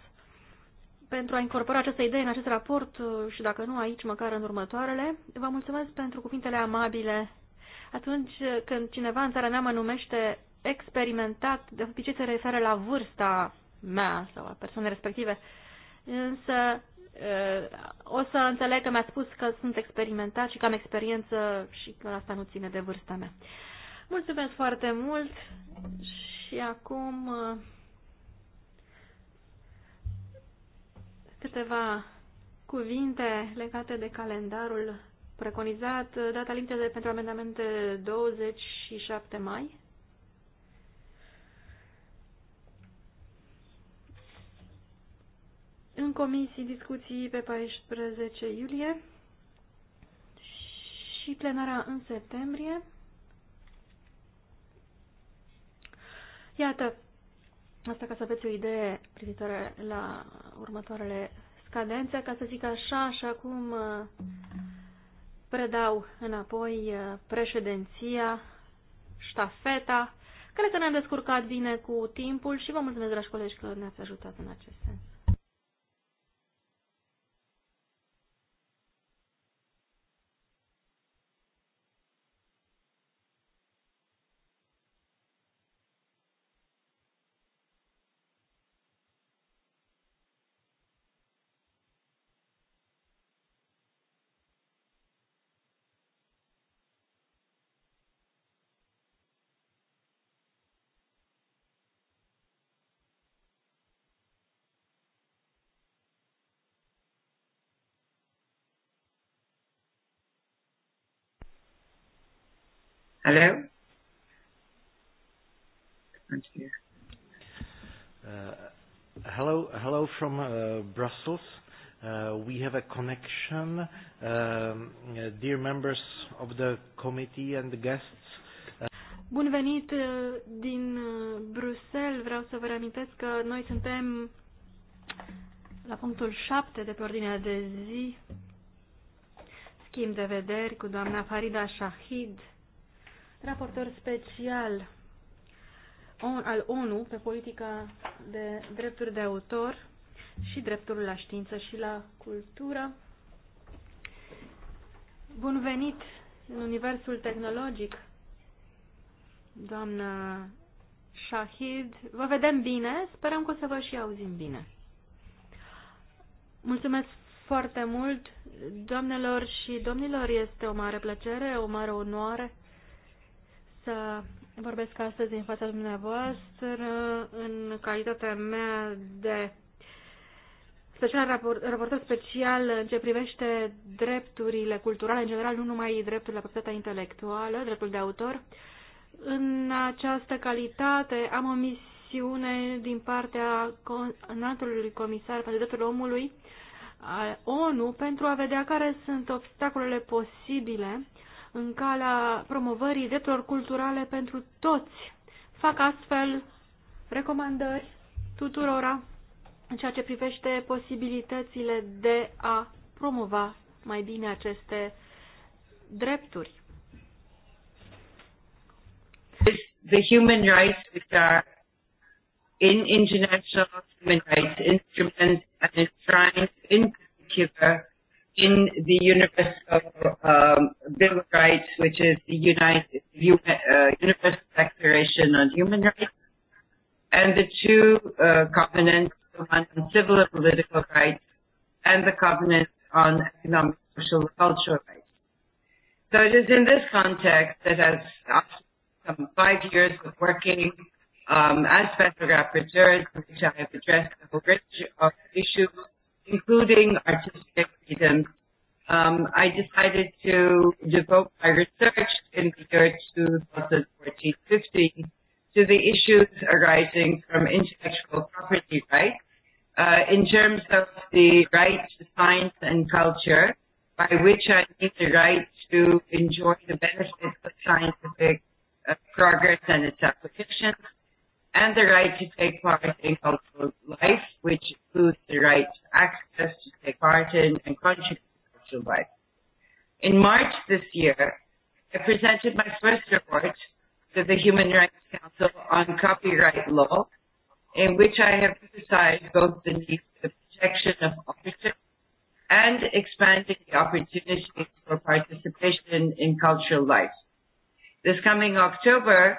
pentru a incorpora această idee în acest raport uh, și dacă nu aici, măcar în următoarele. Vă mulțumesc pentru cuvintele amabile. Atunci când cineva în țara mea mă numește experimentat, de obicei se referă la vârsta mea sau a persoanei respective. Însă o să înțeleg că mi-a spus că sunt experimentat și că am experiență și că asta nu ține de vârsta mea. Mulțumesc foarte mult și acum uh, câteva cuvinte legate de calendarul preconizat. Data limită pentru amendamente 27 mai în comisii discuții pe 14 iulie și plenara în septembrie. Iată, asta ca să aveți o idee privitoare la următoarele scadențe, ca să zic așa, și acum uh, predau înapoi uh, președinția, ștafeta. Cred că ne-am descurcat bine cu timpul și vă mulțumesc, dragi colegi, că ne-ați ajutat în acest sens. Hello? Uh, hello, hello from uh, Brussels. Uh, we have a connection. Um, uh, dear members of the committee and the guests. Uh... Bun venit uh, din uh, Bruxelles. Vreau să vă reamintesc că noi suntem la punctul 7 de pe ordinea de zi. Schimb de vederi cu doamna Farida Shahid Uh, raportor special al ONU pe politica de drepturi de autor și dreptul la știință și la cultură. Bun venit în universul tehnologic, doamna Shahid. Vă vedem bine, sperăm că o să vă și auzim bine. Mulțumesc foarte mult, doamnelor și domnilor, este o mare plăcere, o mare onoare să vorbesc astăzi în fața dumneavoastră în calitatea mea de special raport, raportor special în ce privește drepturile culturale, în general nu numai dreptul la proprietatea intelectuală, dreptul de autor. În această calitate am o misiune din partea înaltului comisar pentru dreptul omului ONU pentru a vedea care sunt obstacolele posibile în calea promovării drepturilor culturale pentru toți. Fac astfel recomandări tuturora în ceea ce privește posibilitățile de a promova mai bine aceste drepturi. The human rights which are in international human rights instruments and enshrined in particular in the universe of um, Bill of Rights, which is the United uh, Universal Declaration on Human Rights, and the two uh, covenants, the one on civil and political rights, and the covenant on economic, social, and cultural rights. So it is in this context that as after uh, some five years of working um, as special rapporteur, in which I have addressed a whole range of uh, issues including artistic freedom. Um, I decided to devote my research in the year 2014-15 to the issues arising from intellectual property rights uh, in terms of the right to science and culture, by which I mean the right to enjoy the benefits of scientific uh, progress and its applications, and the right to take part in cultural life, which includes the right to access, to take part in, and contribute to cultural life. In March this year, I presented my first report to the Human Rights Council on copyright law, in which I have emphasized both the need for the protection of authorship and expanding the opportunities for participation in cultural life. This coming October,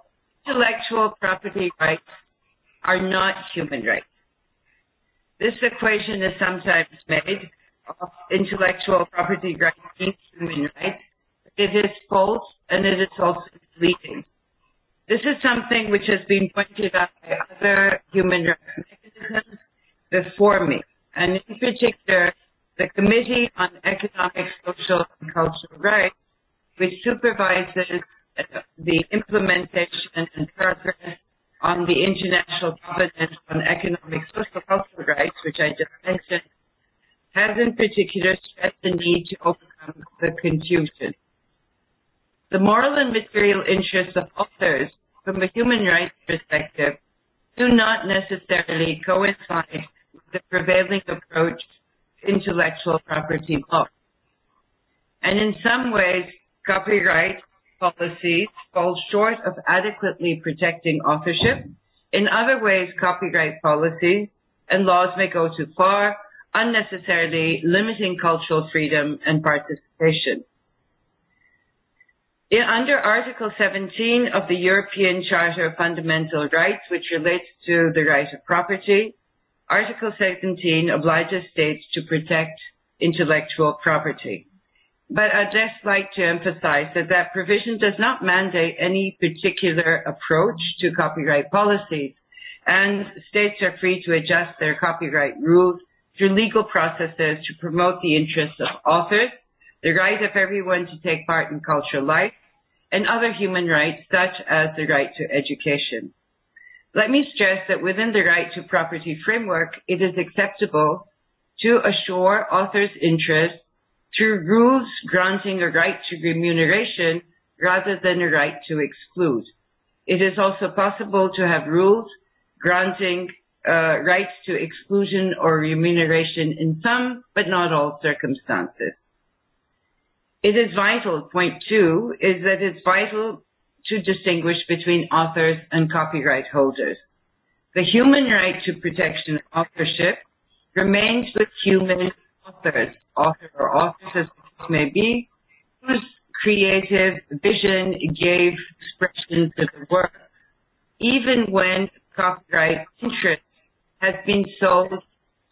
Intellectual property rights are not human rights. This equation is sometimes made of intellectual property rights being human rights. It is false and it is also misleading. This is something which has been pointed out by other human rights mechanisms before me, and in particular, the Committee on Economic, Social, and Cultural Rights, which supervises the implementation and progress on the international covenant on economic, social, cultural rights, which I just mentioned, has in particular stressed the need to overcome the confusion. The moral and material interests of authors from a human rights perspective do not necessarily coincide with the prevailing approach to intellectual property law. And in some ways, copyright policy falls short of adequately protecting authorship. In other ways, copyright policy and laws may go too far, unnecessarily limiting cultural freedom and participation. In, under Article 17 of the European Charter of Fundamental Rights, which relates to the right of property, Article 17 obliges states to protect intellectual property but I'd just like to emphasize that that provision does not mandate any particular approach to copyright policies, and states are free to adjust their copyright rules through legal processes to promote the interests of authors, the right of everyone to take part in cultural life, and other human rights such as the right to education. Let me stress that within the right to property framework, it is acceptable to assure authors' interests through rules granting a right to remuneration rather than a right to exclude. It is also possible to have rules granting uh, rights to exclusion or remuneration in some, but not all circumstances. It is vital, point two, is that it's vital to distinguish between authors and copyright holders. The human right to protection of authorship remains with human authors, author or authors as the case may be, whose creative vision gave expression to the work, even when copyright interest has been sold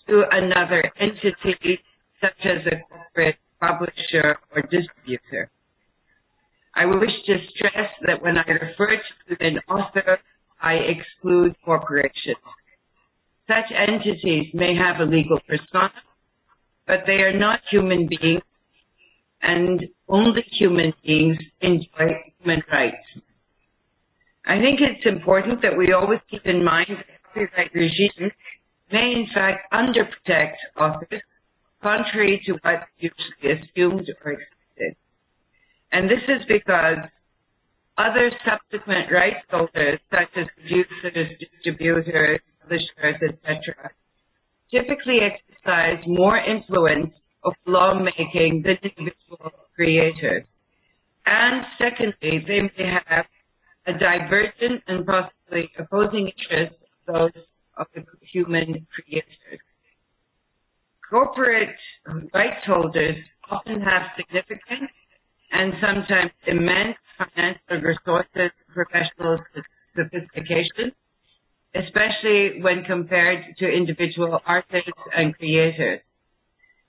to another entity such as a corporate publisher or distributor. I wish to stress that when I refer to an author, I exclude corporations. Such entities may have a legal persona but they are not human beings, and only human beings enjoy human rights. I think it's important that we always keep in mind that copyright regime may in fact underprotect authors, contrary to what usually assumed or expected. And this is because other subsequent rights holders, such as producers, distributors, publishers, etc., typically exercise more influence of lawmaking than individual creators. And secondly, they may have a divergent and possibly opposing interest of those of the human creators. Corporate rights holders often have significant and sometimes immense financial resources, professional sophistication, especially when compared to individual artists and creators.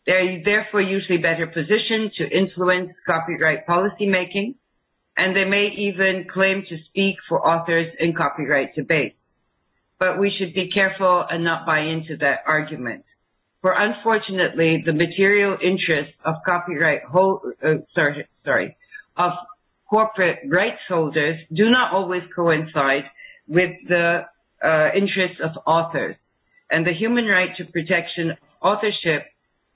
they are therefore usually better positioned to influence copyright policy making, and they may even claim to speak for authors in copyright debates. But we should be careful and not buy into that argument. For unfortunately, the material interests of copyright hold, uh, sorry, sorry, of corporate rights holders do not always coincide with the uh, interests of authors. And the human right to protection of authorship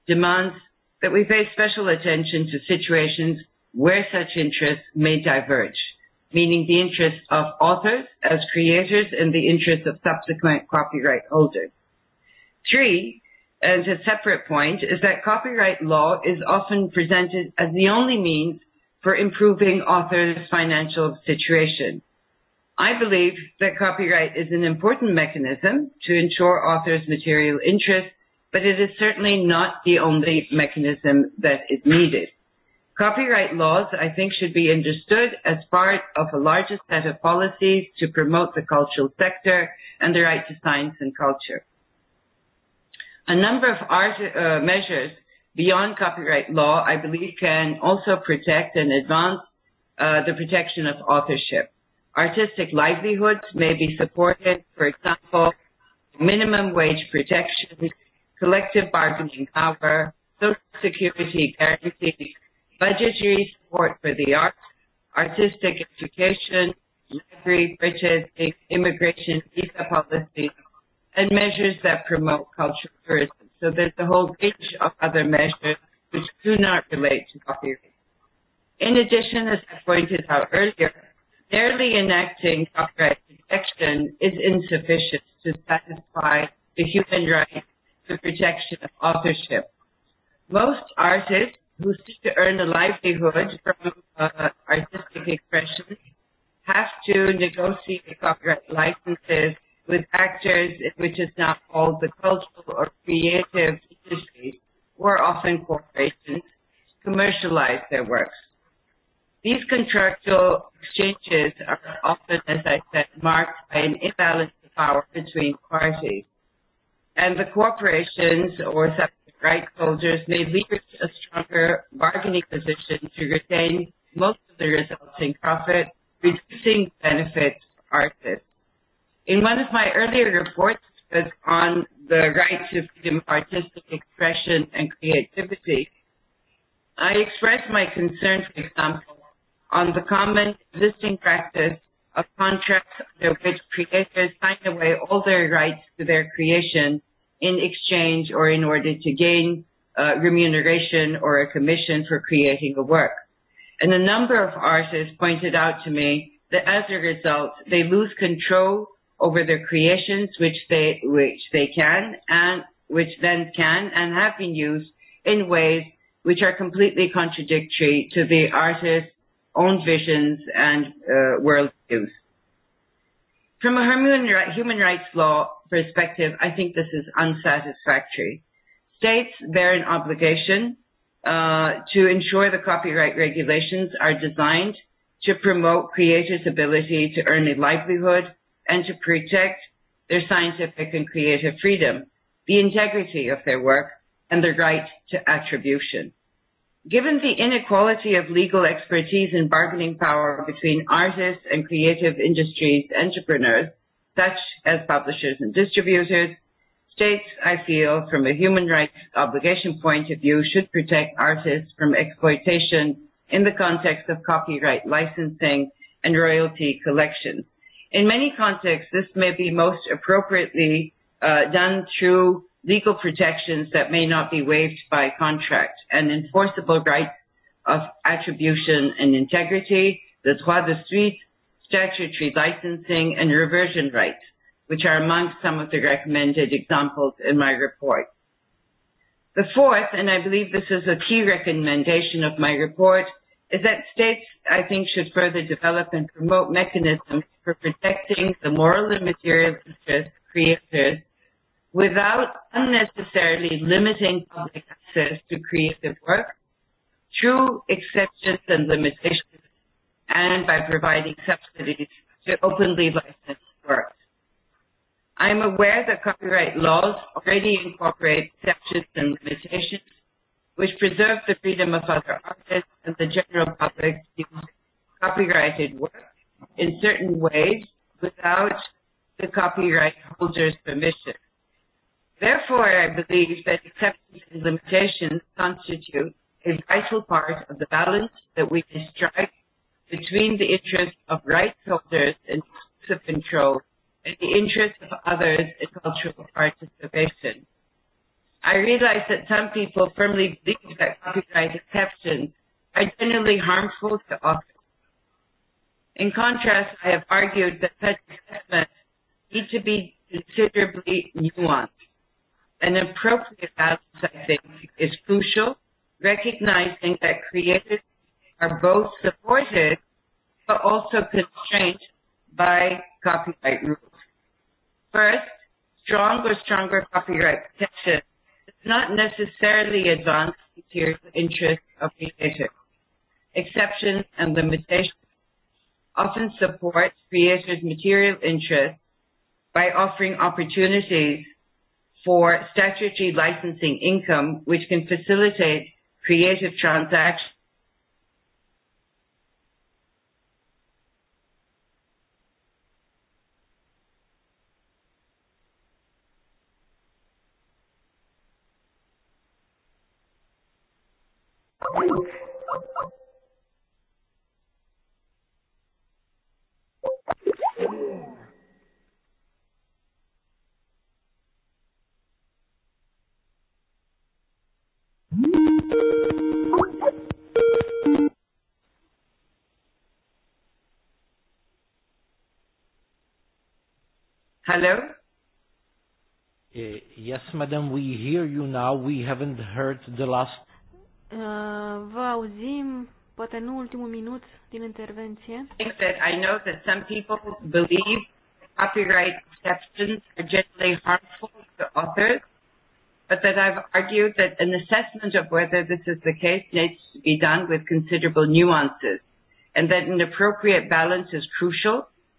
demands that we pay special attention to situations where such interests may diverge, meaning the interests of authors as creators and the interests of subsequent copyright holders. Three, and a separate point, is that copyright law is often presented as the only means for improving authors' financial situation. I believe that copyright is an important mechanism to ensure authors' material interest, but it is certainly not the only mechanism that is needed. Copyright laws, I think, should be understood as part of a larger set of policies to promote the cultural sector and the right to science and culture. A number of art, uh, measures beyond copyright law, I believe, can also protect and advance uh, the protection of authorship. Artistic livelihoods may be supported, for example, minimum wage protection, collective bargaining power, social security guarantees, budgetary support for the arts, artistic education, library bridges, immigration, visa policies, and measures that promote cultural tourism. So there's a whole range of other measures which do not relate to copyright. In addition, as I pointed out earlier, merely enacting copyright protection is insufficient to satisfy the human right to protection of authorship. Most artists who seek to earn a livelihood from uh, artistic expression have to negotiate copyright licenses with actors in which is not called the cultural or creative industries or often corporations commercialize their works. These contractual exchanges are often, as I said, marked by an imbalance of power between parties. And the corporations or subject rights holders may leverage a stronger bargaining position to retain most of the resulting profit, reducing benefits for artists. In one of my earlier reports was on the right to freedom of artistic expression and creativity, I expressed my concern, for example, on the common existing practice of contracts under which creators sign away all their rights to their creation in exchange or in order to gain uh, remuneration or a commission for creating a work. And a number of artists pointed out to me that as a result, they lose control over their creations, which they, which they can and which then can and have been used in ways which are completely contradictory to the artist's own visions and uh, world views. From a human, rights law perspective, I think this is unsatisfactory. States bear an obligation uh, to ensure the copyright regulations are designed to promote creators' ability to earn a livelihood and to protect their scientific and creative freedom, the integrity of their work, and their right to attribution. Given the inequality of legal expertise and bargaining power between artists and creative industries entrepreneurs, such as publishers and distributors, states, I feel, from a human rights obligation point of view, should protect artists from exploitation in the context of copyright licensing and royalty collection. In many contexts, this may be most appropriately uh, done through legal protections that may not be waived by contract, and enforceable rights of attribution and integrity, the droit de suite, statutory licensing, and reversion rights, which are among some of the recommended examples in my report. The fourth, and I believe this is a key recommendation of my report, is that states, I think, should further develop and promote mechanisms for protecting the moral and material interests creators without unnecessarily limiting public access to creative work through exceptions and limitations and by providing subsidies to openly licensed works. am aware that copyright laws already incorporate exceptions and limitations which preserve the freedom of other artists and the general public to use copyrighted work in certain ways without the copyright holder's permission. Therefore, I believe that exceptions and limitations constitute a vital part of the balance that we can strike between the interests of rights holders and of control and the interests of others in cultural participation. I realize that some people firmly believe that copyright exceptions are generally harmful to authors. In contrast, I have argued that such assessments need to be considerably nuanced An appropriate balance, I think, is crucial, recognizing that creators are both supported but also constrained by copyright rules. First, strong or stronger copyright protection does not necessarily advance the material interests of creators. Exceptions and limitations often support creators' material interests by offering opportunities for statutory licensing income, which can facilitate creative transactions Hello? Uh, yes, madam, we hear you now. We haven't heard the last... Uh, vă auzim, poate nu ultimul minut din intervenție. That I know that some people believe copyright exceptions are generally harmful to authors, but that I've argued that an assessment of whether this is the case needs to be done with considerable nuances, and that an appropriate balance is crucial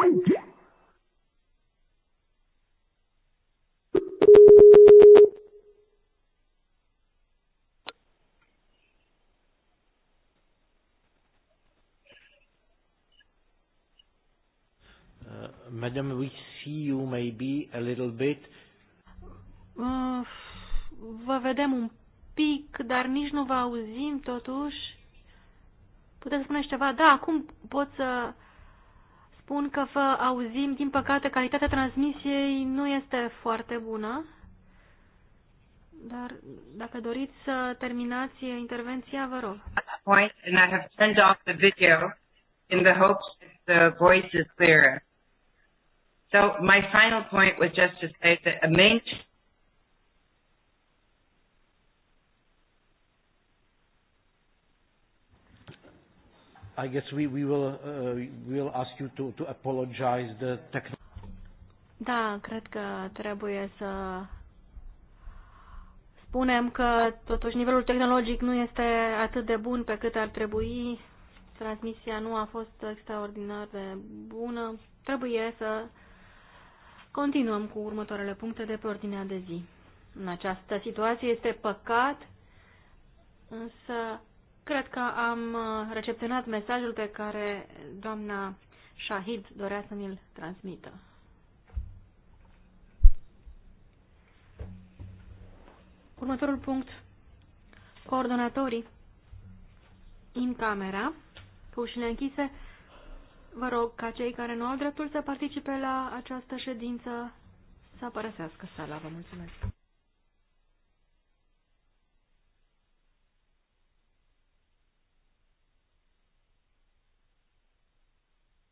Uh, Madam, we see you maybe a little bit. vă vedem un pic, dar nici nu vă auzim totuși. Puteți spune ceva? Da, acum pot să spun că vă auzim, din păcate, calitatea transmisiei nu este foarte bună. Dar dacă doriți să terminați intervenția, vă rog. Point and I have off the video in the hopes that the voice is clearer. So my final point was just to say that a main I guess we, we will, uh, we'll ask you to, to apologize the technical... Da, cred că trebuie să spunem că totuși nivelul tehnologic nu este atât de bun pe cât ar trebui. Transmisia nu a fost extraordinar de bună. Trebuie să continuăm cu următoarele puncte de pe ordinea de zi. În această situație este păcat, însă Cred că am uh, recepționat mesajul pe care doamna Shahid dorea să mi-l transmită. Următorul punct. Coordonatorii în camera, cu ușile închise, vă rog ca cei care nu au dreptul să participe la această ședință să părăsească sala. Vă mulțumesc!